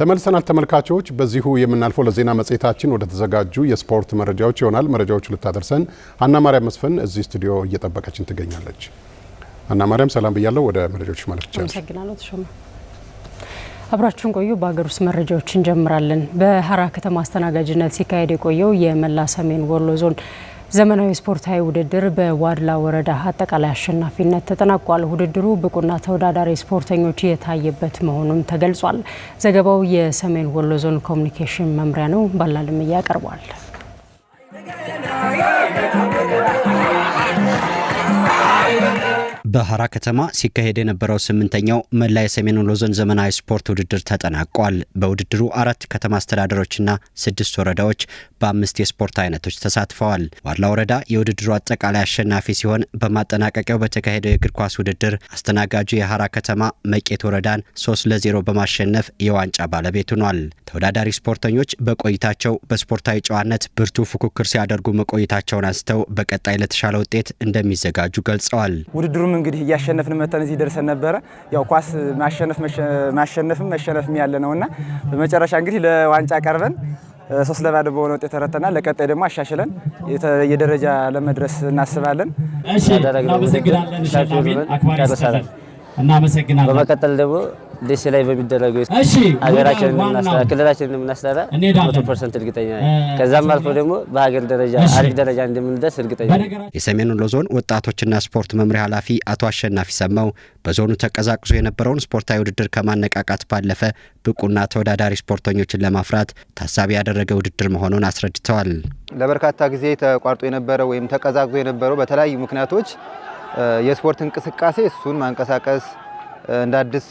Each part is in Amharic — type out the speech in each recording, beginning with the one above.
ተመልሰናል ተመልካቾች። በዚሁ የምናልፈው ለዜና መጽሔታችን ወደ ተዘጋጁ የስፖርት መረጃዎች ይሆናል። መረጃዎቹ ልታደርሰን አና ማርያም መስፍን እዚህ ስቱዲዮ እየጠበቀችን ትገኛለች። አና ማርያም ሰላም ብያለሁ። ወደ መረጃዎች ማለት ይቻላል። ተሾመ። አብራችሁን ቆዩ። በሀገር ውስጥ መረጃዎች እንጀምራለን። በሀራ ከተማ አስተናጋጅነት ሲካሄድ የቆየው የመላ ሰሜን ወሎ ዞን ዘመናዊ ስፖርታዊ ውድድር በዋድላ ወረዳ አጠቃላይ አሸናፊነት ተጠናቋል። ውድድሩ ብቁና ተወዳዳሪ ስፖርተኞች የታየበት መሆኑም ተገልጿል። ዘገባው የሰሜን ወሎ ዞን ኮሚኒኬሽን መምሪያ ነው። ባላልምያ ያቀርቧል። ያቀርቧል በሐራ ከተማ ሲካሄድ የነበረው ስምንተኛው መላ የሰሜን ወሎ ዞን ዘመናዊ ስፖርት ውድድር ተጠናቋል። በውድድሩ አራት ከተማ አስተዳደሮችና ስድስት ወረዳዎች በአምስት የስፖርት አይነቶች ተሳትፈዋል። ዋላ ወረዳ የውድድሩ አጠቃላይ አሸናፊ ሲሆን በማጠናቀቂያው በተካሄደው የእግር ኳስ ውድድር አስተናጋጁ የሐራ ከተማ መቄት ወረዳን ሶስት ለዜሮ በማሸነፍ የዋንጫ ባለቤት ሆኗል። ተወዳዳሪ ስፖርተኞች በቆይታቸው በስፖርታዊ ጨዋነት ብርቱ ፉክክር ሲያደርጉ መቆየታቸውን አንስተው በቀጣይ ለተሻለ ውጤት እንደሚዘጋጁ ገልጸዋል። ውድድሩም እንግዲህ እያሸነፍን መተን እዚህ ደርሰን ነበረ። ያው ኳስ ማሸነፍ ማሸነፍም መሸነፍም ያለ ነው እና በመጨረሻ እንግዲህ ለዋንጫ ቀርበን ሶስት ለባዶ በሆነ ውጤት ተረተና ለቀጣይ ደግሞ አሻሽለን የደረጃ ለመድረስ እናስባለን። ያደረግነው ውድድር ሰፊ ብሎን ጨርሰናል። እናመሰግናለን። በመቀጠል ደግሞ ደሴ ላይ በሚደረገው ሀገራችንን የምናስጠራ ክልላችንን የምናስጠራ መቶ ፐርሰንት እርግጠኛ ነኝ። ከዛም አልፎ ደግሞ በሀገር ደረጃ አሪፍ ደረጃ እንደምንደርስ እርግጠኛ ነኝ። የሰሜን ወሎ ዞን ወጣቶችና ስፖርት መምሪያ ኃላፊ አቶ አሸናፊ ሰማው በዞኑ ተቀዛቅዞ የነበረውን ስፖርታዊ ውድድር ከማነቃቃት ባለፈ ብቁና ተወዳዳሪ ስፖርተኞችን ለማፍራት ታሳቢ ያደረገ ውድድር መሆኑን አስረድተዋል። ለበርካታ ጊዜ ተቋርጦ የነበረው ወይም ተቀዛቅዞ የነበረው በተለያዩ ምክንያቶች የስፖርት እንቅስቃሴ እሱን ማንቀሳቀስ እንደ አዲስ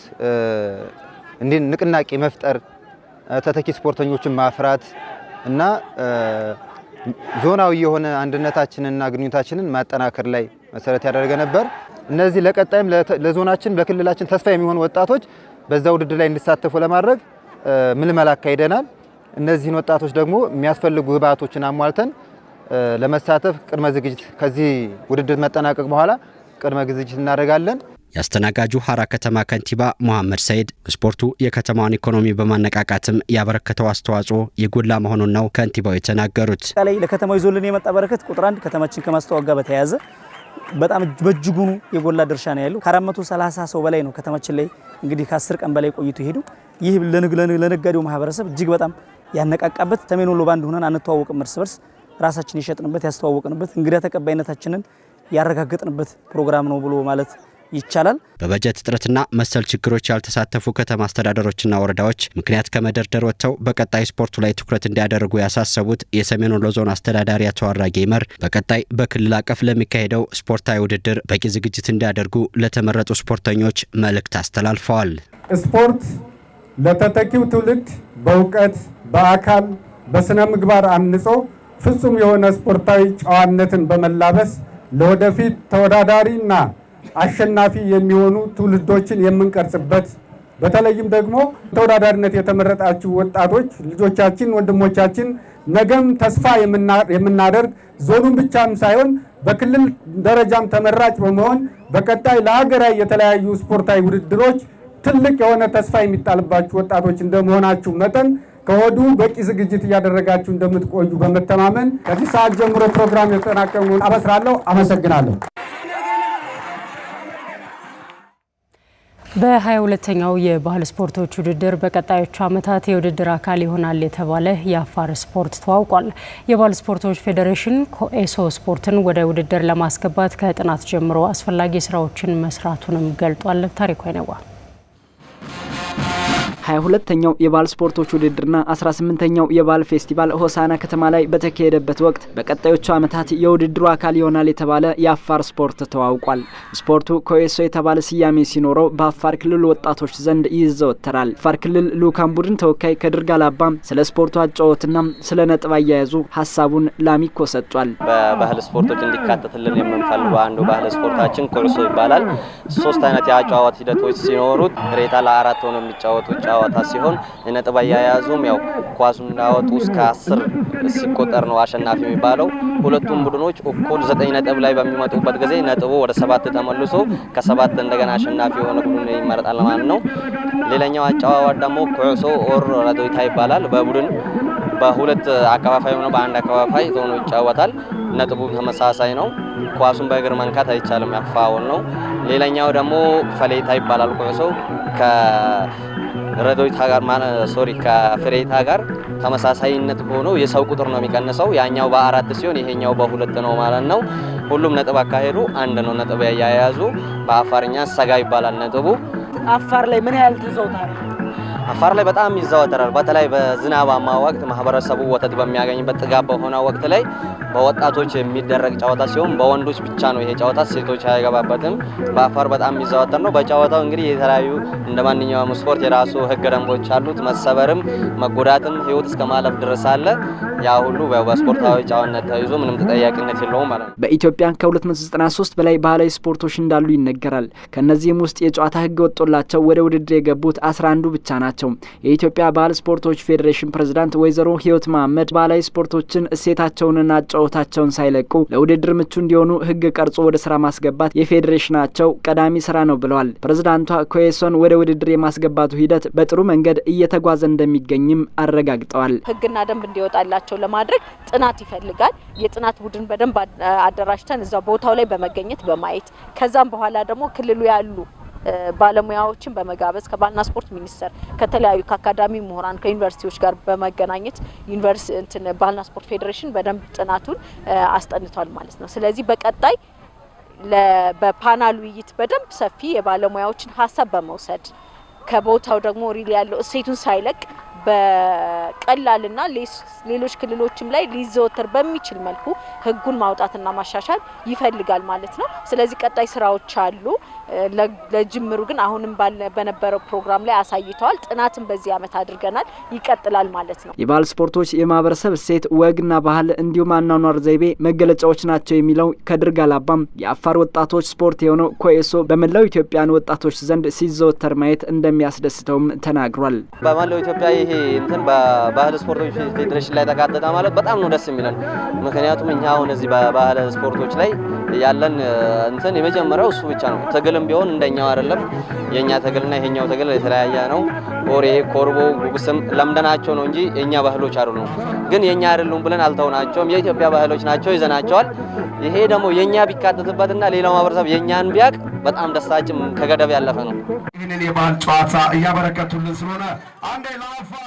ንቅናቄ መፍጠር፣ ተተኪ ስፖርተኞችን ማፍራት እና ዞናዊ የሆነ አንድነታችንና ግንኙታችንን ማጠናከር ላይ መሰረት ያደረገ ነበር። እነዚህ ለቀጣይም ለዞናችን ለክልላችን ተስፋ የሚሆኑ ወጣቶች በዛ ውድድር ላይ እንዲሳተፉ ለማድረግ ምልመላ አካሂደናል። እነዚህን ወጣቶች ደግሞ የሚያስፈልጉ ግብዓቶችን አሟልተን ለመሳተፍ ቅድመ ዝግጅት ከዚህ ውድድር መጠናቀቅ በኋላ ቅድመ ዝግጅት እናደርጋለን። የአስተናጋጁ ሀራ ከተማ ከንቲባ መሐመድ ሰይድ ስፖርቱ የከተማዋን ኢኮኖሚ በማነቃቃትም ያበረከተው አስተዋጽኦ የጎላ መሆኑን ነው ከንቲባው የተናገሩት። ላይ ለከተማው ይዞልን የመጣ በረከት ቁጥር አንድ ከተማችን ከማስተዋወቅ ጋር በተያያዘ በጣም በእጅጉኑ የጎላ ድርሻ ነው ያለው። ከ430 ሰው በላይ ነው ከተማችን ላይ እንግዲህ ከ10 ቀን በላይ ቆይቶ ሄዱ። ይህ ለነጋዴው ማህበረሰብ እጅግ በጣም ያነቃቃበት ሰሜን ወሎ ባንድ ሆነን አንተዋወቅም እርስ በርስ ራሳችን የሸጥንበት ያስተዋወቅንበት እንግዳ ተቀባይነታችንን ያረጋገጥንበት ፕሮግራም ነው ብሎ ማለት ይቻላል። በበጀት እጥረትና መሰል ችግሮች ያልተሳተፉ ከተማ አስተዳደሮችና ወረዳዎች ምክንያት ከመደርደር ወጥተው በቀጣይ ስፖርቱ ላይ ትኩረት እንዲያደርጉ ያሳሰቡት የሰሜን ወሎ ዞን አስተዳዳሪ አቶ አራጌ መር በቀጣይ በክልል አቀፍ ለሚካሄደው ስፖርታዊ ውድድር በቂ ዝግጅት እንዲያደርጉ ለተመረጡ ስፖርተኞች መልእክት አስተላልፈዋል። ስፖርት ለተተኪው ትውልድ በእውቀት፣ በአካል፣ በስነ ምግባር አንጾ ፍጹም የሆነ ስፖርታዊ ጨዋነትን በመላበስ ለወደፊት ተወዳዳሪና አሸናፊ የሚሆኑ ትውልዶችን የምንቀርጽበት በተለይም ደግሞ ተወዳዳሪነት የተመረጣችሁ ወጣቶች ልጆቻችን፣ ወንድሞቻችን ነገም ተስፋ የምናደርግ ዞኑን ብቻም ሳይሆን በክልል ደረጃም ተመራጭ በመሆን በቀጣይ ለሀገራዊ የተለያዩ ስፖርታዊ ውድድሮች ትልቅ የሆነ ተስፋ የሚጣልባችሁ ወጣቶች እንደመሆናችሁ መጠን ከወዱ በቂ ዝግጅት እያደረጋችሁ እንደምትቆዩ በመተማመን ከዚህ ሰዓት ጀምሮ ፕሮግራም የተጠናቀሙን አበስራለሁ። አመሰግናለሁ። በ22ኛው የባህል ስፖርቶች ውድድር በቀጣዮቹ ዓመታት የውድድር አካል ይሆናል የተባለ የአፋር ስፖርት ተዋውቋል። የባህል ስፖርቶች ፌዴሬሽን ኮኤሶ ስፖርትን ወደ ውድድር ለማስገባት ከጥናት ጀምሮ አስፈላጊ ስራዎችን መስራቱንም ገልጧል። ታሪኩ አይነዋ ሀያ ሁለተኛው የባህል ስፖርቶች ውድድርና አስራ ስምንተኛው የባህል ፌስቲቫል ሆሳና ከተማ ላይ በተካሄደበት ወቅት በቀጣዮቹ ዓመታት የውድድሩ አካል ይሆናል የተባለ የአፋር ስፖርት ተዋውቋል። ስፖርቱ ኮዌሶ የተባለ ስያሜ ሲኖረው በአፋር ክልል ወጣቶች ዘንድ ይዘወተራል። አፋር ክልል ልኡካን ቡድን ተወካይ ከድርጋ ላባ ስለ ስፖርቱ አጫወትና ስለ ነጥብ አያያዙ ሀሳቡን ላሚኮ ሰጧል። በባህል ስፖርቶች እንዲካተትልን የምንፈልገው አንዱ ባህል ስፖርታችን ኮዌሶ ይባላል። ሶስት አይነት የአጫዋት ሂደቶች ሲኖሩት ሬታ ለአራት ሆነው የሚጫወቱ ጨዋታ ሲሆን ነጥብ አያያዙም ያው ኳሱን እንዳወጡ እስከ አስር ሲቆጠር ነው አሸናፊ የሚባለው። ሁለቱም ቡድኖች እኩል ዘጠኝ ነጥብ ላይ በሚመጡበት ጊዜ ነጥቡ ወደ ሰባት ተመልሶ ከሰባት እንደገና አሸናፊ የሆነ ቡድን ይመረጣል ማለት ነው። ሌላኛው አጨዋወት ደግሞ ኩዕሶ ኦር ረዶይታ ይባላል። በቡድን በሁለት አከፋፋይ ሆነ በአንድ አከፋፋይ ሆኖ ይጫወታል። ነጥቡ ተመሳሳይ ነው። ኳሱን በእግር መንካት አይቻልም፣ ያፋውል ነው። ሌላኛው ደግሞ ፈሌታ ይባላል። ቁዕሶ ከረዶይታ ጋር ሶሪ ከፍሬታ ጋር ተመሳሳይነት ሆኖ የሰው ቁጥር ነው የሚቀንሰው። ያኛው በአራት ሲሆን ይሄኛው በሁለት ነው ማለት ነው። ሁሉም ነጥብ አካሄዱ አንድ ነው። ነጥብ ያያያዙ በአፋርኛ ሰጋ ይባላል። ነጥቡ አፋር ላይ ምን ያህል ትዘውታል? አፋር ላይ በጣም ይዘወተራል። በተለይ በዝናባማ ወቅት ማህበረሰቡ ወተት በሚያገኝበት ጥጋብ በሆነ ወቅት ላይ በወጣቶች የሚደረግ ጨዋታ ሲሆን በወንዶች ብቻ ነው ይሄ ጨዋታ፣ ሴቶች አይገባበትም። በአፋር በጣም የሚዘወተር ነው። በጨዋታው እንግዲህ የተለያዩ እንደ ማንኛውም ስፖርት የራሱ ህገ ደንቦች አሉት። መሰበርም መጎዳትም ህይወት እስከ ማለፍ ድረስ አለ። ያ ሁሉ በስፖርታዊ ጨዋነት ተይዞ ምንም ተጠያቂነት የለውም ማለት ነው። በኢትዮጵያ ከ293 በላይ ባህላዊ ስፖርቶች እንዳሉ ይነገራል። ከእነዚህም ውስጥ የጨዋታ ህግ ወጥቶላቸው ወደ ውድድር የገቡት 11ዱ ብቻ ናቸው። ናቸው። የኢትዮጵያ ባህል ስፖርቶች ፌዴሬሽን ፕሬዝዳንት ወይዘሮ ህይወት መሀመድ ባህላዊ ስፖርቶችን እሴታቸውንና ጨዋታቸውን ሳይለቁ ለውድድር ምቹ እንዲሆኑ ህግ ቀርጾ ወደ ስራ ማስገባት የፌዴሬሽናቸው ቀዳሚ ስራ ነው ብለዋል። ፕሬዝዳንቷ ኮሶን ወደ ውድድር የማስገባቱ ሂደት በጥሩ መንገድ እየተጓዘ እንደሚገኝም አረጋግጠዋል። ህግና ደንብ እንዲወጣላቸው ለማድረግ ጥናት ይፈልጋል። የጥናት ቡድን በደንብ አደራጅተን እዛ ቦታው ላይ በመገኘት በማየት ከዛም በኋላ ደግሞ ክልሉ ያሉ ባለሙያዎችን በመጋበዝ ከባህልና ስፖርት ሚኒስቴር ከተለያዩ ከአካዳሚ ምሁራን ከዩኒቨርሲቲዎች ጋር በመገናኘት ባህልና ስፖርት ፌዴሬሽን በደንብ ጥናቱን አስጠንቷል ማለት ነው። ስለዚህ በቀጣይ በፓናል ውይይት በደንብ ሰፊ የባለሙያዎችን ሀሳብ በመውሰድ ከቦታው ደግሞ ሪል ያለው እሴቱን ሳይለቅ በቀላልና ሌሎች ክልሎችም ላይ ሊዘወተር በሚችል መልኩ ህጉን ማውጣትና ማሻሻል ይፈልጋል ማለት ነው። ስለዚህ ቀጣይ ስራዎች አሉ። ለጅምሩ ግን አሁንም በነበረው ፕሮግራም ላይ አሳይተዋል። ጥናትን በዚህ ዓመት አድርገናል፣ ይቀጥላል ማለት ነው። የባህል ስፖርቶች የማህበረሰብ እሴት ወግና ባህል እንዲሁም አኗኗር ዘይቤ መገለጫዎች ናቸው የሚለው ከድርግ አላባም የአፋር ወጣቶች ስፖርት የሆነው ኮኤሶ በመላው ኢትዮጵያን ወጣቶች ዘንድ ሲዘወተር ማየት እንደሚያስደስተውም ተናግሯል። በመላው ኢትዮጵያ ይሄ እንትን በባህል ስፖርቶች ፌዴሬሽን ላይ ተካተተ ማለት በጣም ነው ደስ የሚለን። ምክንያቱም እኛ አሁን እዚህ በባህል ስፖርቶች ላይ ያለን እንትን የመጀመሪያው እሱ ብቻ ነው ትግልም ቢሆን እንደኛው አይደለም። የኛ ትግልና ይሄኛው ትግል የተለያየ ነው። ኦሬ ኮርቦ፣ ጉብስም ለምደናቸው ነው እንጂ የኛ ባህሎች አይደሉም። ግን የኛ አይደሉም ብለን አልተውናቸውም። የኢትዮጵያ ባህሎች ናቸው፣ ይዘናቸዋል። ይሄ ደግሞ የኛ ቢካተትበትና ሌላው ማህበረሰብ የኛን ቢያቅ በጣም ደስታችን ከገደብ ያለፈ ነው። ይህንን የባህል ጨዋታ እያበረከቱልን ስለሆነ